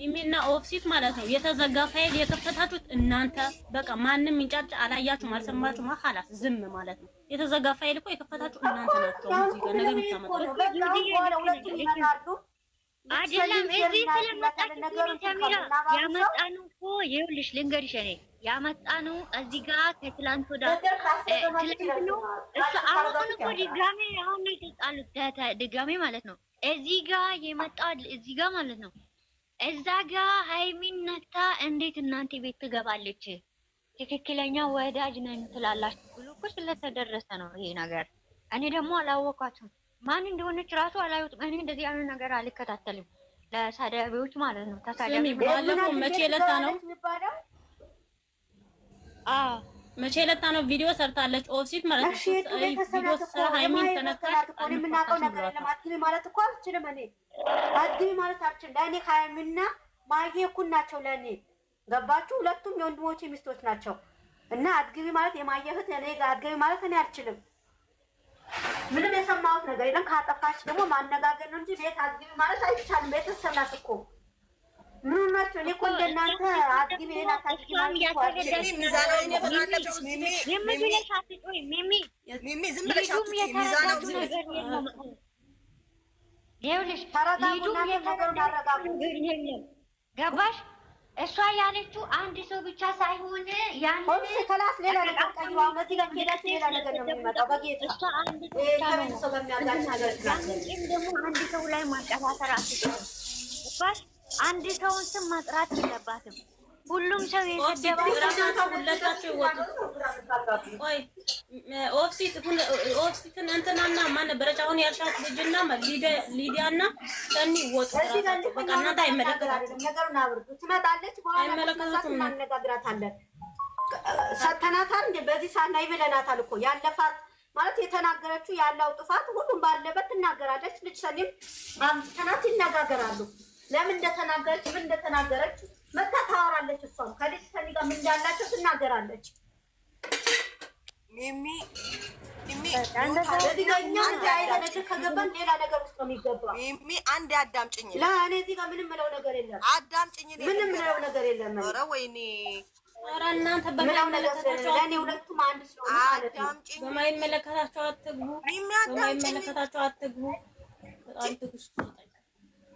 ሚሚና ኦፍሲት ማለት ነው። የተዘጋ ፋይል የከፈታችሁት እናንተ በቃ ማንም እንጫጭ አላያችሁም፣ አልሰማችሁም፣ ሀላስ ዝም ማለት ነው። የተዘጋ ፋይል እኮ የከፈታችሁ እናንተ ናቸው። እዚህ እዚህ ጋር ከትላንት ወዳ ትላንት ነው እሱ። አሁን እኮ ድጋሜ አሁን ነው የተጣሉት ድጋሜ ማለት ነው። እዚህ ጋር የመጣው እዚህ ጋር ማለት ነው እዛ ጋ ሀይሚን ነታ እንዴት እናንተ ቤት ትገባለች? ትክክለኛ ወዳጅ ነን ትላላችሁ ብሎ እኮ ስለተደረሰ ነው ይሄ ነገር። እኔ ደግሞ አላወኳትም ማን እንደሆነች ራሱ አላዩትም። እኔ እንደዚህ ያለ ነገር አልከታተልም። ለሳዳቢዎች ማለት ነው። ተሳዳቢ ባለፈው መቼ ለታ ነው አዎ መቼ ለታ ነው ቪዲዮ ሰርታለች። ኦፍሲት ማለት ነው ቪዲዮ ሰርታ ሀይሚን ተነካሽ። እኔ የምናውቀው ነገር ማለት እኮ አልችልም እኔ አዲ ማለት አልችልም። ለእኔ ካየምና ማዬ እኩል ናቸው ለእኔ ገባችሁ? ሁለቱም የወንድሞቼ ሚስቶች ናቸው እና አድግቢ ማለት የማየ እህት እኔ ጋር አትግቢ ማለት እኔ አልችልም። ምንም የሰማሁት ነገር የለም። ካጠፋች ደግሞ ማነጋገር ነው እንጂ ቤት አድግቢ ማለት አይቻልም። ቤት ናት እኮ ምን ሆናችሁ? እኔ እኮ እንደናንተ አትግቢ ሌላ ታትግቢ ማለት ሚሚ ዝም ብለሽ ሚዛናዊ ነገር የለም ይኸውልሽ ሊዱ ገባሽ? እሷ ያለችው አንድ ሰው ብቻ ሳይሆን ከላስ ሌላ አንድ ሰው ላይ ማንቀሳሰር አንድ ሰውን ስም መጥራት የለባትም። ሁሉም ሰው ኦፍሲትን እንትናና ማን ነበረች አሁን ያልሻት ልጅና ሊዲያና ሰኒ ወጡ። በቃ እናንተ አይመለከታችሁም፣ ሰተናታል እንደ በዚህ ሰዓት ላይ ብለናታል እኮ ያለፋት ማለት የተናገረችው ያለው ጥፋት ሁሉም ባለበት ትናገራለች። ልጅ ሰኒም አምጥተናት ይነጋገራሉ። ለምን እንደተናገረች ምን እንደተናገረች መታ ታወራለች። እሷም ከልጅ ሰኒ ጋር ምን እንዳላቸው ትናገራለች። ሚሚ ከገባን ነገር ውስጥ ነው የሚገባ። አንድ አዳምጭኝ፣ ለእኔ እዚህ ጋር ምንም ምለው ነገር የለም። አዳምጭኝ፣ ምንም ምለው ነገር የለም። ኧረ ወይኔ ኧረ እናንተ ሁለቱም አንድ ስለሆነ በማይመለከታቸው አትግቡ፣ በማይመለከታቸው አትግቡ።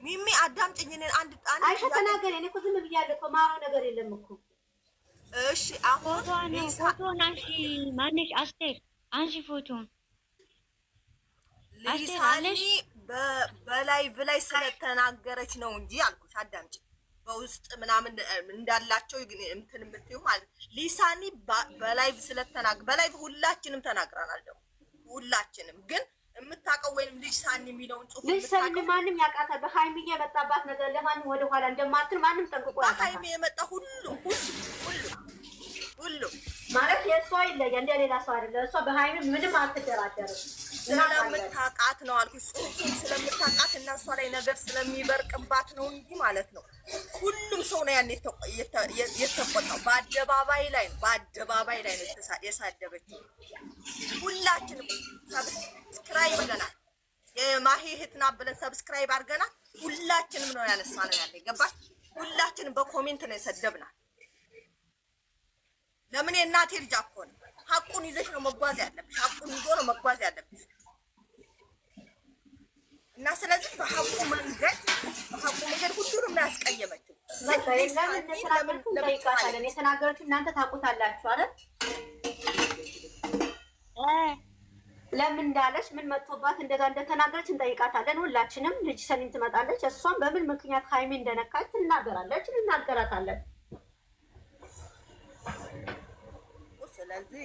ሚሚ አዳምጪኝ። አንድ አንድ አይሻ ተናገሪ። እኔ እኮ ዝም ብያለሁ እኮ ማረው ነገር የለም እኮ እሺ። አሁን ፎቶ አንሺ ማነሽ አስቴር አንሺ ፎቶ ልሳኒ በላይቭ ላይ ስለተናገረች ነው እንጂ አልኩሽ። አዳምጪ በውስጥ ምናምን እንዳላቸው እንትን የምትዩ ማለት ሊሳኒ በላይቭ ስለተናገረ በላይቭ ሁላችንም ተናግረናል። ደግሞ ሁላችንም ግን የምታውቀው ወይም ልጅ ሳኒ የሚለውን ጽሁፍ ልጅ ሰኒ ማንም ያውቃታል። በሀይሚ የመጣባት ነገር ለማንም ወደኋላ እንደማትል ማንም ጠንቅቆ ያውቃታል። በሀይሚ የመጣ ሁሉ ሁሉ ሁሉ ማለት የእሷ ይለያል፣ እንደ ሌላ ሰው አይደለም። እሷ በሀይሚ ምንም አትደራደርም። ስለምታውቃት ነው አልኩሽ፣ ጽሁፉን ስለምታውቃት እና እሷ ላይ ነገር ስለሚበርቅባት ነው እንጂ ማለት ነው። ሁሉም ሰው ነው ያን የተቆጣው። በአደባባይ ላይ ነው፣ በአደባባይ ላይ ነው የሳደበችው። ሁላችንም ሰብስክራይብ ብለናል። የማሂ እህት ብለን ሰብስክራይብ አድርገናል። ሁላችንም ነው ያነሳነው ያለ ይገባል። ሁላችንም በኮሜንት ነው የሰደብናል። ለምን የእናቴ ልጅ እኮ ነው። ሀቁን ይዘሽ ነው መጓዝ ያለብሽ። ሀቁን ይዞ ነው መጓዝ ያለብሽ እና ስለዚህ በሀቁ መንገድ በሀቁ መንገድ ሁሉንም ነው ያስቀየመችው። የተናገረችው እናንተ ታውቁታላችሁ አይደል? ለምን እንዳለች ምን መጥቶባት እንደዛ እንደተናገረች እንጠይቃታለን። ሁላችንም ልጅ ሰሚን ትመጣለች። እሷም በምን ምክንያት ሀይሜ እንደነካች ትናገራለች፣ እንናገራታለን። ስለዚህ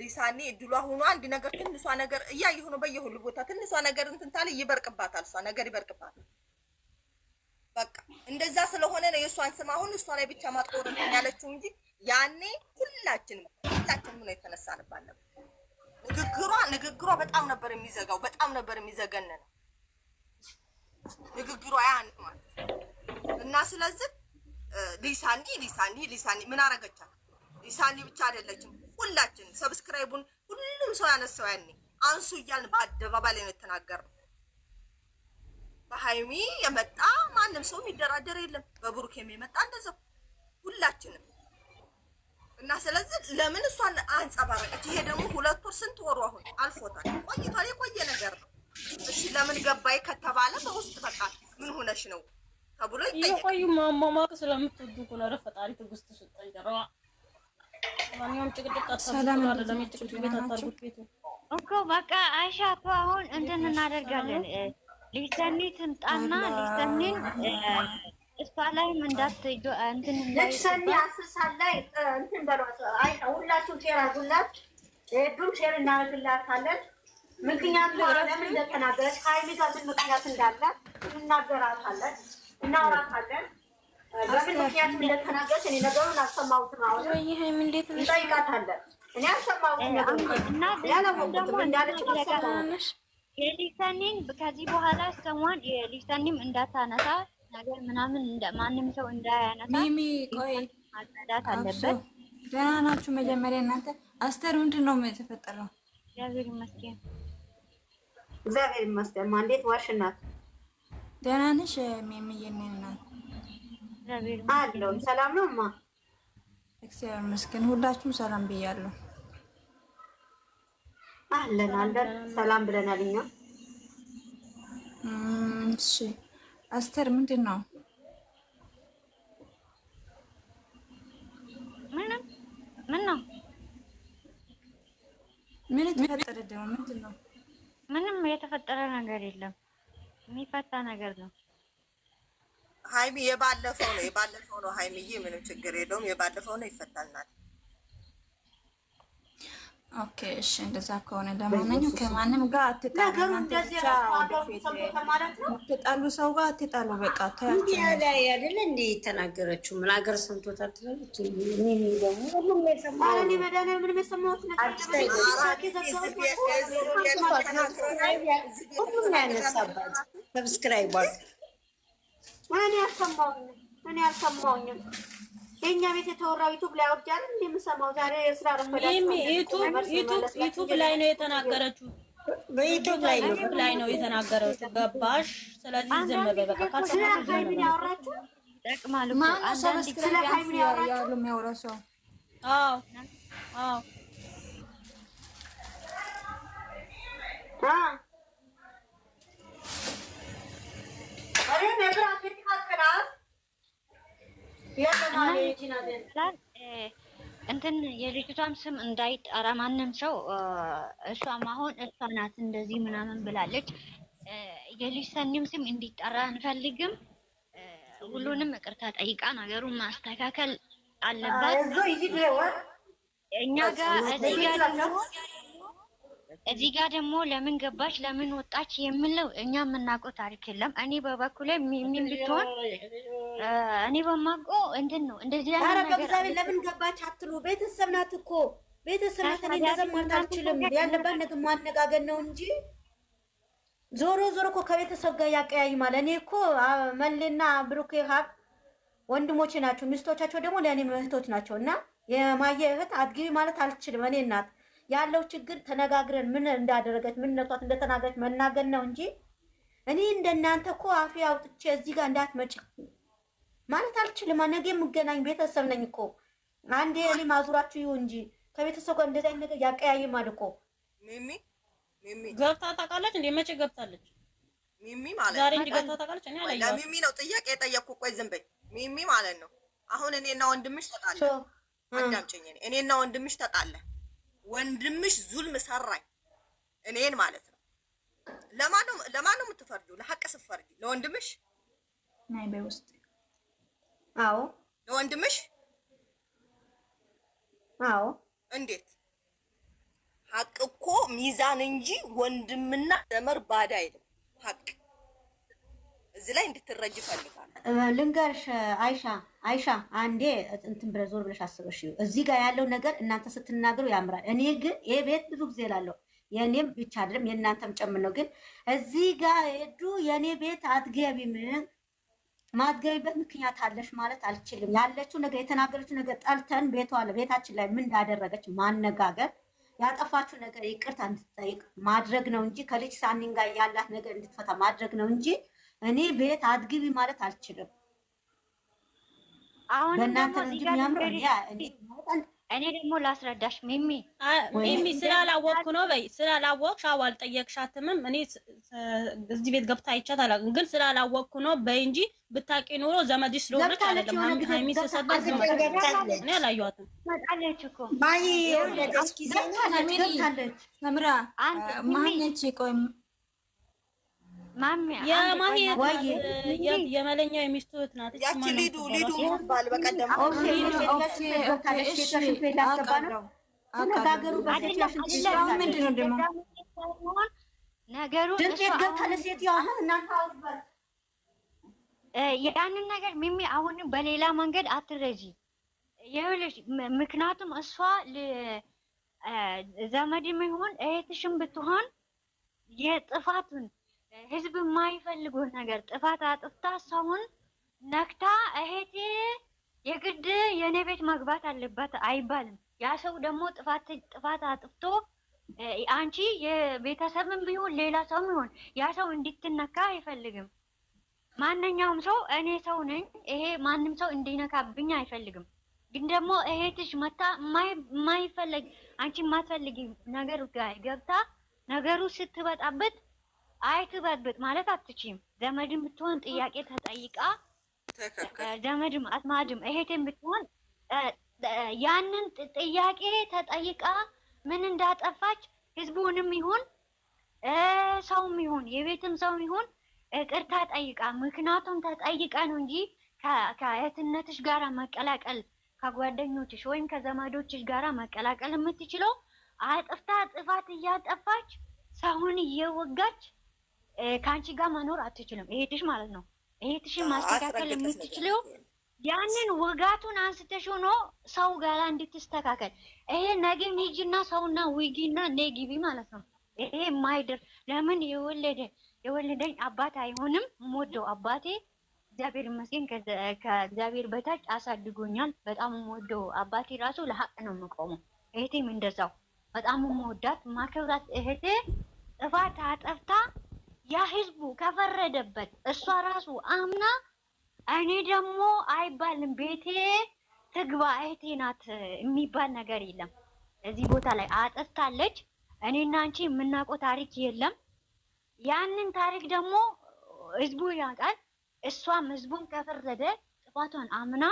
ሊሳኒ እድሏ ሆኖ አንድ ነገር ትንሷ ነገር እያየሁ ሆኖ በየሁሉ ቦታ ትንሷ ነገር እንትን ይበርቅባታል፣ እሷ ነገር ይበርቅባታል። በቃ እንደዛ ስለሆነ ነው የእሷን ስም አሁን እሷ ላይ ብቻ ማጥቆር ያለችው እንጂ ያኔ ሁላችንም ሁላችንም ነው የተነሳንባት ነበር። ንግግሯ ንግግሯ በጣም ነበር የሚዘጋው፣ በጣም ነበር የሚዘገነነው ንግግሯ ያን ማለት እና ስለዚህ ሊሳኒ ሊሳኒ ሊሳኒ ምን አረገቻት? ሊሳኒ ብቻ አይደለችም፣ ሁላችን ሰብስክራይቡን ሁሉም ሰው ያነሳው ያኔ አንሱ እያልን በአደባባይ ላይ ነው የተናገርነው። በሀይሚ የመጣ ማንም ሰው የሚደራደር የለም። በብሩክ የሚመጣ እንደዛው ሁላችንም እና ስለዚህ ለምን እሷን አንጸባረቀች? ይሄ ደግሞ ሁለት ወር ስንት ወሩ አሁን አልፎታል፣ ቆይቷል፣ የቆየ ነገር ነው። እሺ ለምን ገባይ ከተባለ በውስጥ በቃ ምን ሆነሽ ነው ተብሎ ይጠየቅ። የቆዩ ማማማቅ ስለምትወዱ እኮ ነው። ኧረ ፈጣሪ ትዕግስት እኮ በቃ አይሻ እኮ አሁን እንድን እናደርጋለን። ሊሰኒ ትምጣና ሊሰኒን እሷ መንዳት እንዳትሄዱ እንትን ልክ ሰኔ አስር ላይ እንትን በሏት። አይ ሁላችሁ ሼር አድርጉላት። ዱም ሼር እናደርግላታለን። ምክንያቱ ለምን እንደተናገረች ሀይሚ ጋር ምን ምክንያት እንዳለ እናገራታለን፣ እናወራታለን። ለምን ምክንያት እንደተናገረች እኔ ነገሩን አልሰማሁትም። አሁን እንዴት እንጠይቃታለን። እኔ አልሰማሁትም ያለሞቁትም እንዳለች ሰማሁ። የሊሰኒን ከዚህ በኋላ ሰሟን የሊሰኒም እንዳታነሳ ነገር ምናምን ማንም ሰው እንዳያነሳ ሚሚ ቆይ ማጽዳት አለበት። ደህና ናችሁ? መጀመሪያ እናንተ አስተር ምንድን ነው የተፈጠረው? እግዚአብሔር ይመስገን። እግዚአብሔር ይመስገን። ማንዴት ዋሽ ዋሽናት? ደህና ነሽ ሚሚዬ? እናት አለው ሰላም ነው ማ እግዚአብሔር ይመስገን። ሁላችሁም ሰላም ብያለሁ። አለን አለን ሰላም ብለናል እኛ እሺ አስተር ምንድን ነው? ምንም ምን ነው? ምን የተፈጠረ ደግሞ ምንድን ነው? ምንም የተፈጠረ ነገር የለም። የሚፈታ ነገር ነው። ሀይሚ የባለፈው ነው የባለፈው ነው። ሀይሚዬ ምንም ችግር የለውም። የባለፈው ነው ይፈታልናል። ኦኬ፣ እሺ እንደዛ ከሆነ ለማንኛው ከማንም ጋር አትጣሉ። ምትጣሉ ሰው ጋር አትጣሉ። በቃ እንዲ ምን ሀገር ሰምቶታል ትላለች። የእኛ ቤት የተወራው ዩቱብ ላይ አይደል እንደምሰማው ዛሬ የስራ ዩቱብ ላይ ነው የተናገረችው። በዩቱብ ላይ ነው የተናገረችው። ገባሽ? ስለዚህ ዝም በበቃ በቃ። ሀይሚን ያወራችሁ ማነው? እንትን የልጅቷም ስም እንዳይጠራ ማንም ሰው እሷም አሁን እሷ ናት እንደዚህ ምናምን ብላለች። የልጅ ሰኒም ስም እንዲጠራ አንፈልግም። ሁሉንም ይቅርታ ጠይቃ ነገሩን ማስተካከል አለባት። እኛ ጋር እዚህ ጋር ደግሞ ለምን ገባች ለምን ወጣች የምንለው እኛ የምናውቀው ታሪክ የለም። እኔ በበኩሌ ምን ብትሆን እኔ በማውቀው እንትን ነው እንደዚህ ያለ ነገር በእግዚአብሔር ለምን ገባች አትሉ። ቤተሰብ ናት እኮ ቤተሰብ ናት። እኔ እንደዛ ማለት አልችልም። ያለባት ነገር ማነጋገር ነው እንጂ ዞሮ ዞሮ እኮ ከቤተሰብ ጋር ያቀያይማል። እኔ እኮ መሌና ብሩኬ ሀብ ወንድሞቼ ናቸው። ሚስቶቻቸው ደግሞ ለእኔ እህቶች ናቸው እና የማየ እህት አድጊ ማለት አልችልም። እኔ እናት ያለው ችግር ተነጋግረን ምን እንዳደረገች ምን ነቷት እንደተናገረች መናገር ነው እንጂ እኔ እንደናንተ እኮ አፌ አውጥቼ እዚህ ጋር እንዳትመጪ ማለት አልችልም። ነገ የምገናኝ ቤተሰብ ነኝ እኮ አንዴ እኔ ማዙራችሁ ይሁን እንጂ ከቤተሰብ ጋር እንደዚህ አይነት ነገር ያቀያይማል እኮ። ሚሚ ሚሚ ገብታ ታውቃለች እንዴ? መቼ ገብታለች? ሚሚ ማለት ዛሬ እንጂ ገብታ ታውቃለች። እኔ አላየኋት። ለሚሚ ነው ጥያቄ የጠየቅኩ። ቆይ ዝም በይ ሚሚ ማለት ነው። አሁን እኔና ወንድምሽ ተጣለ። አዳምጪኝ። እኔና ወንድምሽ ተጣለ ወንድምሽ ዙልም ሰራኝ እኔን ማለት ነው። ለማን ነው የምትፈርጁ? ለሀቅ ስትፈርጂ ለወንድምሽ ውስጥ አዎ፣ ለወንድምሽ አዎ። እንዴት ሀቅ እኮ ሚዛን እንጂ ወንድምና ዘመር ባዳ አይልም ሀቅ እዚህ ላይ እንድትረጅ ፈልጋል። ልንገርሽ አይሻ አይሻ አንዴ እንትን ብለሽ ዞር ብለሽ አስበሽ እዚህ ጋር ያለው ነገር እናንተ ስትናገሩ ያምራል። እኔ ግን ይሄ ቤት ብዙ ጊዜ ላለው የእኔም ብቻ አይደለም የእናንተም ጨምር ነው። ግን እዚህ ጋር ሄዱ የእኔ ቤት አትገቢም ማትገቢበት ምክንያት አለሽ ማለት አልችልም። ያለችው ነገር የተናገረችው ነገር ጠልተን ቤቷ ቤታችን ላይ ምን እንዳደረገች ማነጋገር ያጠፋችሁ ነገር ይቅርታ እንድትጠይቅ ማድረግ ነው እንጂ ከልጅ ሳኒን ጋር ያላት ነገር እንድትፈታ ማድረግ ነው እንጂ እኔ ቤት አትግቢ ማለት አልችልም። አሁን በእናንተ እኔ ደግሞ ላስረዳሽ ሚሚ ሚሚ ስላላወቅኩ ነው በይ ስላላወቅሽ አዎ አልጠየቅሻትምም እኔ እዚህ ቤት ገብታ አይቻት አላውቅም ግን ስላላወቅኩ ነው በይ እንጂ ብታቂ ኑሮ ዘመድሽ ስለሆነች አይደለም ሀይሚ ስሰበት እኔ አላየኋትም ነው ማነች ቆይ የመለኛ የሚስቱ እህት ናት። ያቺ ሊዱ ሊዱ ባል በቀደም ያንን ነገር ሚሚ አሁንም በሌላ መንገድ አትረጂ። ይኸውልሽ ምክንያቱም እሷ ዘመድም ይሁን እህትሽም ብትሆን የጥፋቱን ህዝብ የማይፈልገው ነገር ጥፋት አጥፍታ ሰውን ነክታ እህቴ የግድ የእኔ ቤት መግባት አለባት አይባልም። ያ ሰው ደግሞ ጥፋት ጥፋት አጥፍቶ አንቺ የቤተሰብም ቢሆን ሌላ ሰውም ቢሆን ያ ሰው እንድትነካ አይፈልግም። ማንኛውም ሰው እኔ ሰው ነኝ፣ ይሄ ማንም ሰው እንዲነካብኝ አይፈልግም። ግን ደግሞ እህትሽ መታ የማይፈለግ አንቺ የማትፈልጊ ነገር ገብታ ነገሩ ስትበጣበት አይትበጥብጥ ማለት አትችም። ዘመድም ብትሆን ጥያቄ ተጠይቃ ዘመድም አስማድም እህትም ብትሆን ያንን ጥያቄ ተጠይቃ ምን እንዳጠፋች ህዝቡንም ይሁን ሰውም ይሁን የቤትም ሰውም ይሁን ይቅርታ ጠይቃ፣ ምክንያቱም ተጠይቃ ነው እንጂ ከእህትነትሽ ጋር መቀላቀል ከጓደኞችሽ ወይም ከዘመዶችሽ ጋራ መቀላቀል የምትችለው አጥፍታ ጥፋት እያጠፋች ሰውን እየወጋች ከአንቺ ጋር መኖር አትችልም። እሄትሽ ማለት ነው። እህትሽን ማስተካከል የምትችለው ያንን ውጋቱን አንስተሽ ሆኖ ሰው ጋር እንድትስተካከል ይሄ ነገም ሂጂና ሰውና ውጊና ነግቢ ማለት ነው። ይሄ የማይደር ለምን የወለደ የወለደኝ አባት አይሆንም። ሞደው አባቴ እግዚአብሔር ይመስገን ከእግዚአብሔር በታች አሳድጎኛል። በጣም ሞደው አባቴ ራሱ ለሀቅ ነው የምቆመው። እህቴም እንደዛው በጣም የምወዳት ማከብራት እህቴ ጥፋት አጠፍታ ያ ህዝቡ ከፈረደበት እሷ ራሱ አምና እኔ ደግሞ አይባልም ቤቴ ትግባ እህቴ ናት የሚባል ነገር የለም። እዚህ ቦታ ላይ አጠፍታለች። እኔና አንቺ የምናውቀው ታሪክ የለም። ያንን ታሪክ ደግሞ ህዝቡ ያውቃል። እሷም ህዝቡን ከፈረደ ጥፋቷን አምና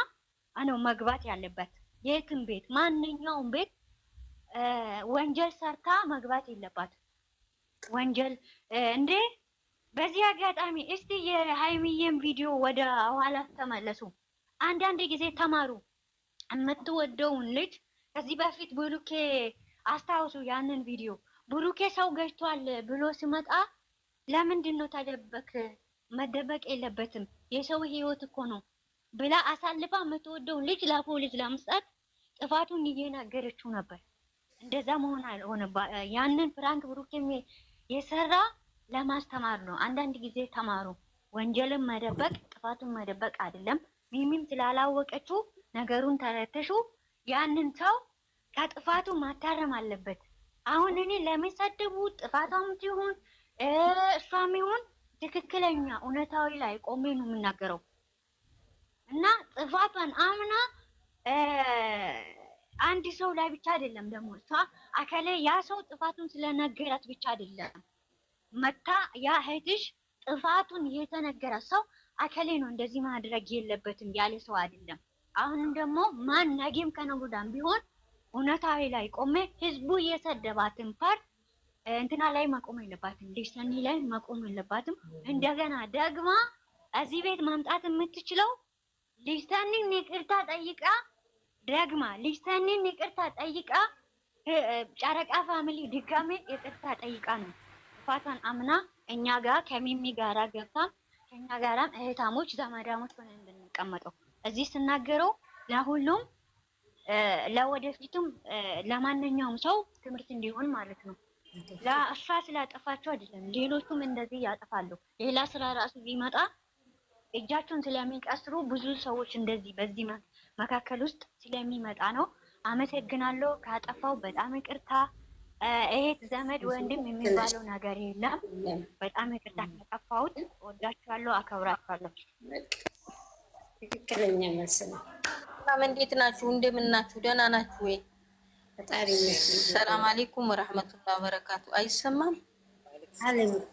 ነው መግባት ያለበት። የትም ቤት ማንኛውም ቤት ወንጀል ሰርታ መግባት የለባት። ወንጀል እንዴ በዚህ አጋጣሚ እስቲ የሀይሚዬን ቪዲዮ ወደ ኋላ ተመለሱ። አንዳንድ ጊዜ ተማሩ። የምትወደውን ልጅ ከዚህ በፊት ብሩኬ አስታውሱ፣ ያንን ቪዲዮ ብሩኬ ሰው ገጭቷል ብሎ ሲመጣ ለምንድን ነው ተደበክ? መደበቅ የለበትም የሰው ህይወት እኮ ነው ብላ አሳልፋ የምትወደውን ልጅ ለፖሊስ ለመስጠት ጥፋቱን እየናገረችው ነበር። እንደዛ መሆን አልሆነ። ያንን ፍራንክ ብሩኬ የሰራ ለማስተማር ነው። አንዳንድ ጊዜ ተማሩ። ወንጀልን መደበቅ ጥፋቱን መደበቅ አይደለም። ሚሚም ስላላወቀችው ነገሩን ተረተሹ ያንን ሰው ከጥፋቱ ማታረም አለበት። አሁን እኔ ለሚሰድቡ ጥፋቷም ሲሆን እሷም ይሁን ትክክለኛ እውነታዊ ላይ ቆሜ ነው የምናገረው እና ጥፋቷን አምና አንድ ሰው ላይ ብቻ አይደለም ደግሞ እሷ አከላይ ያ ሰው ጥፋቱን ስለነገራት ብቻ አይደለም መታ ያ እህትሽ ጥፋቱን የተነገረ ሰው አከሌ ነው እንደዚህ ማድረግ የለበትም ያለ ሰው አይደለም። አሁንም ደግሞ ማን ነገም ከነጎዳም ቢሆን እውነታዊ ላይ ቆሜ ህዝቡ የሰደባትን ፓርት እንትና ላይ መቆም የለባትም፣ ሰኒ ላይ መቆም የለባትም። እንደገና ደግማ እዚህ ቤት ማምጣት የምትችለው ዲስተኒን ይቅርታ ጠይቃ ደግማ ዲስተኒን ይቅርታ ጠይቃ ጨረቃ ፋሚሊ ድጋሜ ይቅርታ ጠይቃ ነው ጥፋቷን አምና እኛ ጋር ከሚሚ ጋራ ገብታ ከኛ ጋራም እህታሞች ዘመዳሞች ሆነን እንድንቀመጠው እዚህ ስናገረው ለሁሉም ለወደፊቱም ለማንኛውም ሰው ትምህርት እንዲሆን ማለት ነው። ለእሷ ስላጠፋቸው አይደለም፣ ሌሎቹም እንደዚህ ያጠፋሉ። ሌላ ስራ ራሱ ቢመጣ እጃቸውን ስለሚቀስሩ ብዙ ሰዎች እንደዚህ በዚህ መካከል ውስጥ ስለሚመጣ ነው። አመሰግናለሁ። ካጠፋው በጣም ይቅርታ። እህት፣ ዘመድ፣ ወንድም የሚባለው ነገር የለም። በጣም ይቅርታ ከጠፋሁት። ወዳችኋለሁ፣ አከብራችኋለሁ። ትክክለኛ መልስ ነው። ሰላም፣ እንዴት ናችሁ? ናችሁ? ደህና ናችሁ ወይ? ሰላም አሌይኩም ወረህመቱላ በረካቱ። አይሰማም? አንድ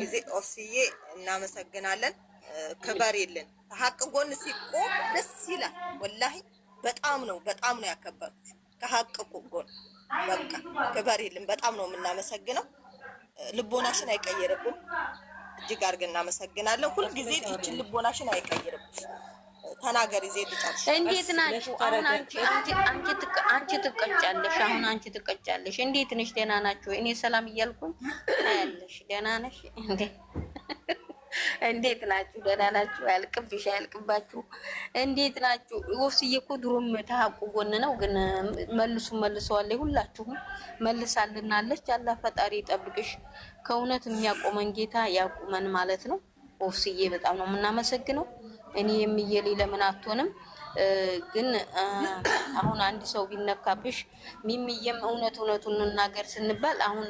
ጊዜ ኦፍስዬ እናመሰግናለን። ክበር የለን ሀቅ ጎን ሲቆም ደስ ይላል ወላሂ በጣም ነው በጣም ነው ያከበርኩት። ከሀቅ ጎን በቃ ክበሪልን። በጣም ነው የምናመሰግነው። ልቦናሽን አይቀይርብን። እጅግ አድርገን እናመሰግናለን። ሁልጊዜ ይችን ልቦናሽን አይቀይርብሽ። ተናገሪ ዜድ ጫሽ እንዴት ናችሁ? አሁን አንቺ ትቀጫለሽ። አሁን አንቺ ትቀጫለሽ። እንዴት ነሽ? ደህና ናችሁ? እኔ ሰላም እያልኩኝ ታያለሽ። ደህና ነሽ እንዴ? እንዴት ናችሁ? ደህና ናችሁ? አያልቅብሽ አያልቅባችሁ። እንዴት ናችሁ? ወስዬ እኮ ድሮም ተሀቁ ጎን ነው፣ ግን መልሱ መልሰዋል። ሁላችሁም መልሳልናለች። አላህ ፈጣሪ ይጠብቅሽ። ከእውነት የሚያቆመን ጌታ ያቁመን ማለት ነው። ወፍስዬ በጣም ነው የምናመሰግነው። እኔ የሚየል ለምን አትሆንም? ግን አሁን አንድ ሰው ቢነካብሽ ሚሚየም እውነት እውነቱን እንናገር ስንባል አሁን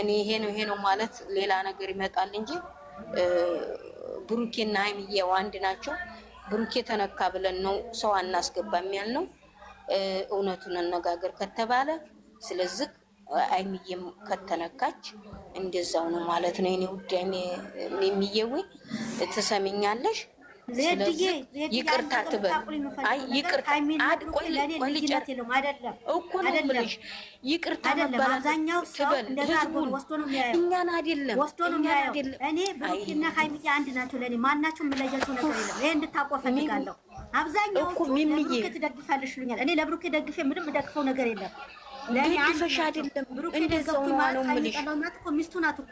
እኔ ይሄ ነው ይሄ ነው ማለት ሌላ ነገር ይመጣል እንጂ ብሩኬና ሀይሚዬው አንድ ናቸው። ብሩኬ ተነካ ብለን ነው ሰው አናስገባም ነው። እውነቱን አነጋገር ከተባለ ስለዚህ ሀይሚዬም ከተነካች እንደዛው ነው ማለት ነው። እኔ ውድ ሚዬ ትሰሚኛለሽ? ይቅርታ ትበል። አይ ይቅርታ አብዛኛው እኛን አይደለም እኔ ብሩክና ሀይሚዬ አንድ ናቸው ለእኔ። ማናቸው የምለያቸው ነገር የለም። ይሄ እንድታውቀው እፈልጋለሁ። አብዛኛው ለብሩክ ትደግፋለሽ ይሉኛል። እኔ ለብሩክ ደግፌ ምንም የምደግፈው ነገር የለም። ለእኔ አንድ ናቸው። ብሩክ የደገፉት ማለት ሚስቱ ናት እኮ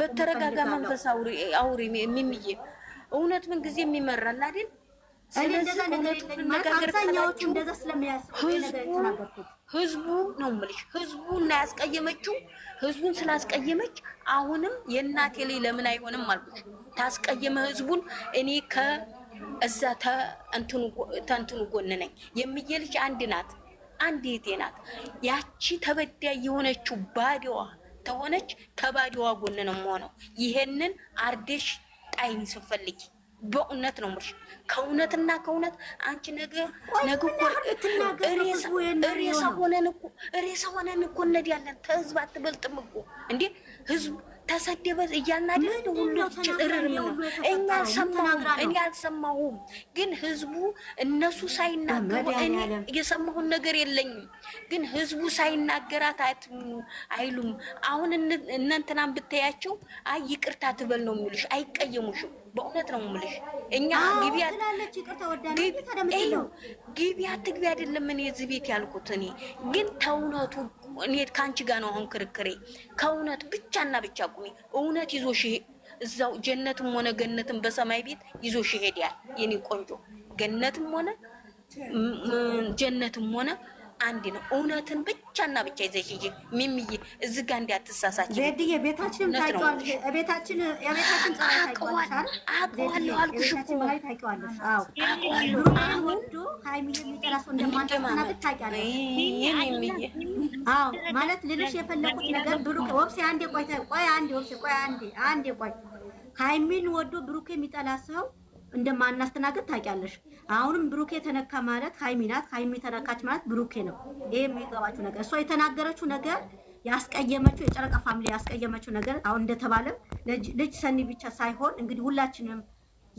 በተረጋጋ መንፈስ አውሪ የሚምዬ እውነት ምን ጊዜ የሚመራል አይደል? ህዝቡ ነው የምልሽ። ህዝቡ እና ያስቀየመችው ህዝቡን ስላስቀየመች አሁንም የእናቴ ላይ ለምን አይሆንም አልኩሽ። ታስቀየመ ህዝቡን እኔ ከእዛ ተንትኑ ጎን ነኝ። አንድ ናት አንዲት እህቴ ናት። ያቺ ተበዳይ የሆነችው ባዲዋ ተሆነች ተባዲዋ ጎን ነው የምሆነው። ይሄንን አርዴሽ ጣይኝ ስፈልጊ በእውነት ነው የምልሽ። ከእውነትና ከእውነት አንቺ ነገ ነገ ሬሳ ሆነን እኮ ሬሳ ሆነን እኮ እነዲ ያለን ተህዝብ አትበልጥም እኮ እንዴ ህዝብ ተሰደበ እያናደደ ሁሉ ጭጥርር ነው። እኛ አልሰማሁም፣ እኔ አልሰማሁም። ግን ህዝቡ እነሱ ሳይናገሩ እኔ የሰማሁን ነገር የለኝም። ግን ህዝቡ ሳይናገራት አትምኑ አይሉም። አሁን እነንትናን ብታያቸው አይ ይቅርታ ትበል ነው የሚሉሽ፣ አይቀየሙሽም በእውነት ነው የምልሽ። እኛ ግቢ አትግቢ አይደለም እኔ እዚህ ቤት ያልኩት እኔ ግን ተውነቱ እኔ ከአንቺ ጋር ነው አሁን ክርክሬ። ከእውነት ብቻና ብቻ ቁሚ። እውነት ይዞሽ እዛው ጀነትም ሆነ ገነትም በሰማይ ቤት ይዞሽ ይሄዳል የኔ ቆንጆ። ገነትም ሆነ ጀነትም ሆነ አንድ ነው። እውነትን ብቻና ብቻ ይዘሽ ሂጂ። ሚሚዬ እዚህ ጋር እንዳትሳሳች። ዜድዬ ቤታችንም ቤታችን የቤታችን አውቀዋለሁ አልኩሽ እኮ አዎ ማለት ልልሽ የፈለኩት ነገር ብሩክ ወብሴ፣ አንዴ ቆይ ቆይ፣ አንዴ ወብሴ ቆይ፣ አንዴ አንዴ ቆይ፣ ሀይሚን ወዶ ብሩክ የሚጠላ ሰው እንደማናስተናገድ ታውቂያለሽ። አሁንም ብሩኬ ተነካ ማለት ሀይሚ ናት፣ ሀይሚ ተነካች ማለት ብሩኬ ነው። ይሄ የሚገባችው ነገር እሷ የተናገረችው ነገር ያስቀየመችው የጨረቃ ፋሚሊ ያስቀየመችው ነገር አሁን እንደተባለም ልጅ ሰኒ ብቻ ሳይሆን እንግዲህ ሁላችንም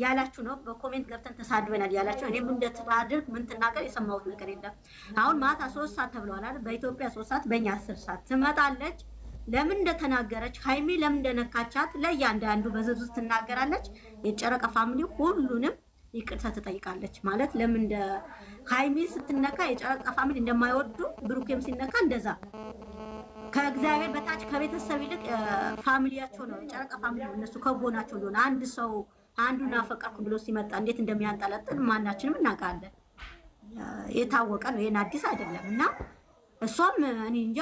ያላችሁ ነው። በኮሜንት ገብተን ተሳድበናል ያላችሁ እኔም እንደተሳድብ ምን ትናገር የሰማሁት ነገር የለም። አሁን ማታ ሶስት ሰዓት ተብለዋል። በኢትዮጵያ ሶስት ሰዓት በእኛ አስር ሰዓት ትመጣለች። ለምን እንደተናገረች ሀይሜ ለምን እንደነካቻት ለእያንዳንዱ በዝርዝር ትናገራለች። የጨረቀ ፋሚሊ ሁሉንም ይቅርታ ትጠይቃለች። ማለት ለምን እንደ ሀይሜ ስትነካ የጨረቀ ፋሚሊ እንደማይወዱ ብሩኬም ሲነካ እንደዛ ከእግዚአብሔር በታች ከቤተሰብ ይልቅ ፋሚሊያቸው ነው የጨረቀ ፋሚሊ እነሱ ከጎናቸው ሊሆን አንድ ሰው አንዱን አፈቀርኩ ብሎ ሲመጣ እንዴት እንደሚያንጠለጥል ማናችንም እናውቃለን። የታወቀ ነው። ይህን አዲስ አይደለም እና እሷም እኔ እንጃ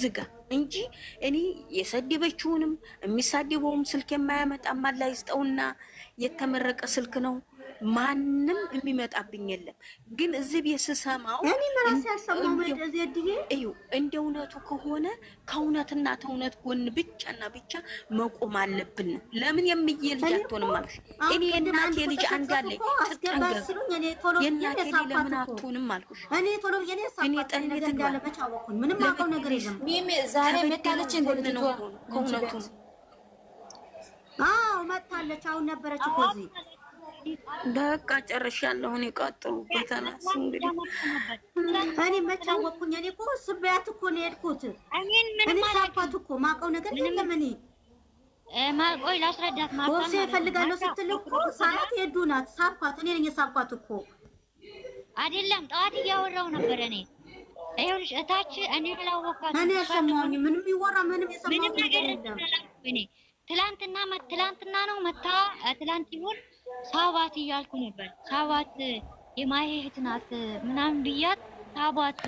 ዝጋ እንጂ እኔ የሰደበችውንም የሚሳደበውም ስልክ የማያመጣ አላህ ይስጠውና የተመረቀ ስልክ ነው። ማንም የሚመጣብኝ የለም። ግን እዚህ ቤት ስሰማው እዩ እንደ እውነቱ ከሆነ ከእውነትና ተእውነት ጎን ብቻና ብቻ መቆም አለብን ነው። ለምን የምዬ ልጅ አትሆንም አልሽ? እኔ የእናቴ ልጅ አንዳለኝ ትጠንገብ፣ የእናቴ ለምን አትሆንም አልኩሽ። እኔ ጠኔ ትግባ ከእውነቱ መታለች። አሁን ነበረች እኮ እዚህ በቃ ጨርሻለሁ። እኔ ቀጥሩበት አላስ እንግዲህ እኔ መች አወቅኩኝ። እኔ እኮ ስበያት እኮ ነው የሄድኩት። እኔ ሳባት እኮ ማውቀው ነገር የለም። እኔ ቆይ ላስረዳት። ቦርሴ እፈልጋለሁ ስትል እኮ ሳናት ሄዱ ናት ሳባት። እኔ ነኝ የሳባት እኮ አይደለም። ጠዋት እያወራው ነበር እኔ ይኸውልሽ፣ እታች እኔ አላወቅኳትም። እኔ አልሰማሁኝ። ምንም ይወራ ምንም የሰማሁት ነገር የለም። ትላንትና ነው መታ ትላንት ይሁን ሳባት እያልኩ ነበር። ሳባት የማሄ እህት ናት ምናምን ብያት ሳባት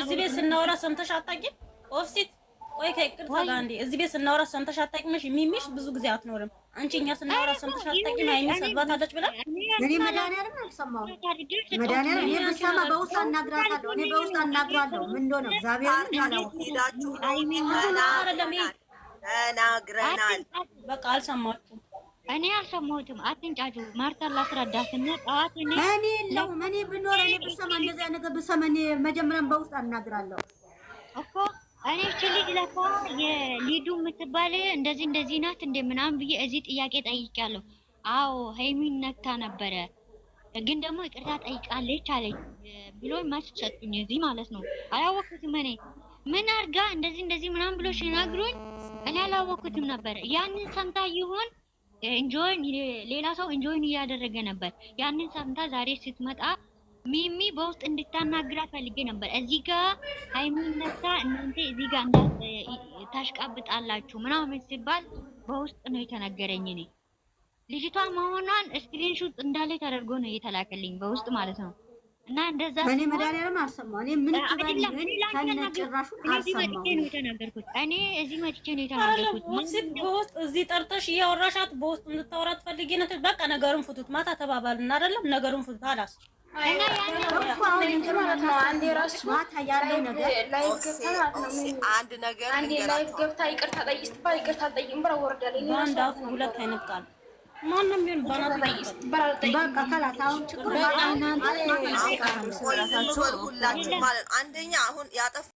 እዚህ ቤት ስናወራ ሰምተሽ አታውቂም? ኦፍሲት ቆይ ከቅርታ ጋር እንዴ እዚህ ቤት ስናወራ ሰምተሽ አታውቂምሽ? የሚሚሽ ብዙ ጊዜ አትኖርም። አንቺ እኛ ስናወራ ሰምተሽ አታውቂም? አይሚ ሰድባታለች ብላ እኔ መድኃኒዓለም አልሰማሁም። መድኃኒዓለም እኔ በውስጥ አናግራታለሁ። እኔ በውስጥ አናግራለሁ። ምን እንደሆነ እግዚአብሔርን ያላወቅሁት አይሚ አይሚ አይደለም። ተናግረናል። በቃ አልሰማችሁም እኔ አልሰማሁትም። አትንጫጩ። ማርታ ላስረዳት ላስረዳትና ጠዋት እኔ እኔ የለሁም። እኔ ብኖር እኔ ብሰማ እንደዚያ ነገር ብሰማ እኔ መጀመሪያም በውስጥ አናግራለሁ እኮ እኔ እቺ ልጅ ለካ የሊዱ የምትባል እንደዚህ እንደዚህ ናት እንደ ምናምን ብዬ እዚህ ጥያቄ ጠይቄያለሁ። አዎ ሀይሚን ነክታ ነበረ፣ ግን ደግሞ ይቅርታ ጠይቃለች አለኝ ብሎ መልስ ሰጡኝ። እዚህ ማለት ነው አላወቅኩትም እኔ ምን አድርጋ እንደዚህ እንደዚህ ምናምን ብሎ ሲነግሩኝ እኔ አላወቅኩትም ነበረ። ያንን ሰምታ ይሆን ኤንጆይ ሌላ ሰው ኢንጆይን እያደረገ ነበር። ያንን ሰምታ ዛሬ ስትመጣ ሚሚ በውስጥ እንድታናግራ ፈልጌ ነበር። እዚህ ጋ ሃይሚነሳ እናንተ እዚህ ጋር ታሽቃብጣላችሁ ምናምን ሲባል በውስጥ ነው የተነገረኝ። እኔ ልጅቷ መሆኗን ስክሪንሹት እንዳለ ተደርጎ ነው የተላከልኝ በውስጥ ማለት ነው። እና እንደዛ እኔ መድኃኒዓለም አልሰማሁም። እኔ ምን ትበል እኔ ከነጭራሹ አልሰማሁም። እኔ እዚህ መጥቼ ነው የተናገርኩት። በውስጥ እዚህ ጠርተሽ እያወራሻት በውስጥ እንድታወራ ትፈልጊ ነው። በቃ ነገሩን ፍቱት። ማታ ተባባልን አይደለም? ነገሩን ፍቱት። አላስ አንድ ነገር አንዴ ላይፍ ገብታ ይቅርታ ጠይቅ ስትባል ይቅርታ አልጠይቅም ብላ ወርዳለች። ሁለት አይነት ቃል ማንም ቢሆን በቃ አንደኛ አሁን ያጠፋ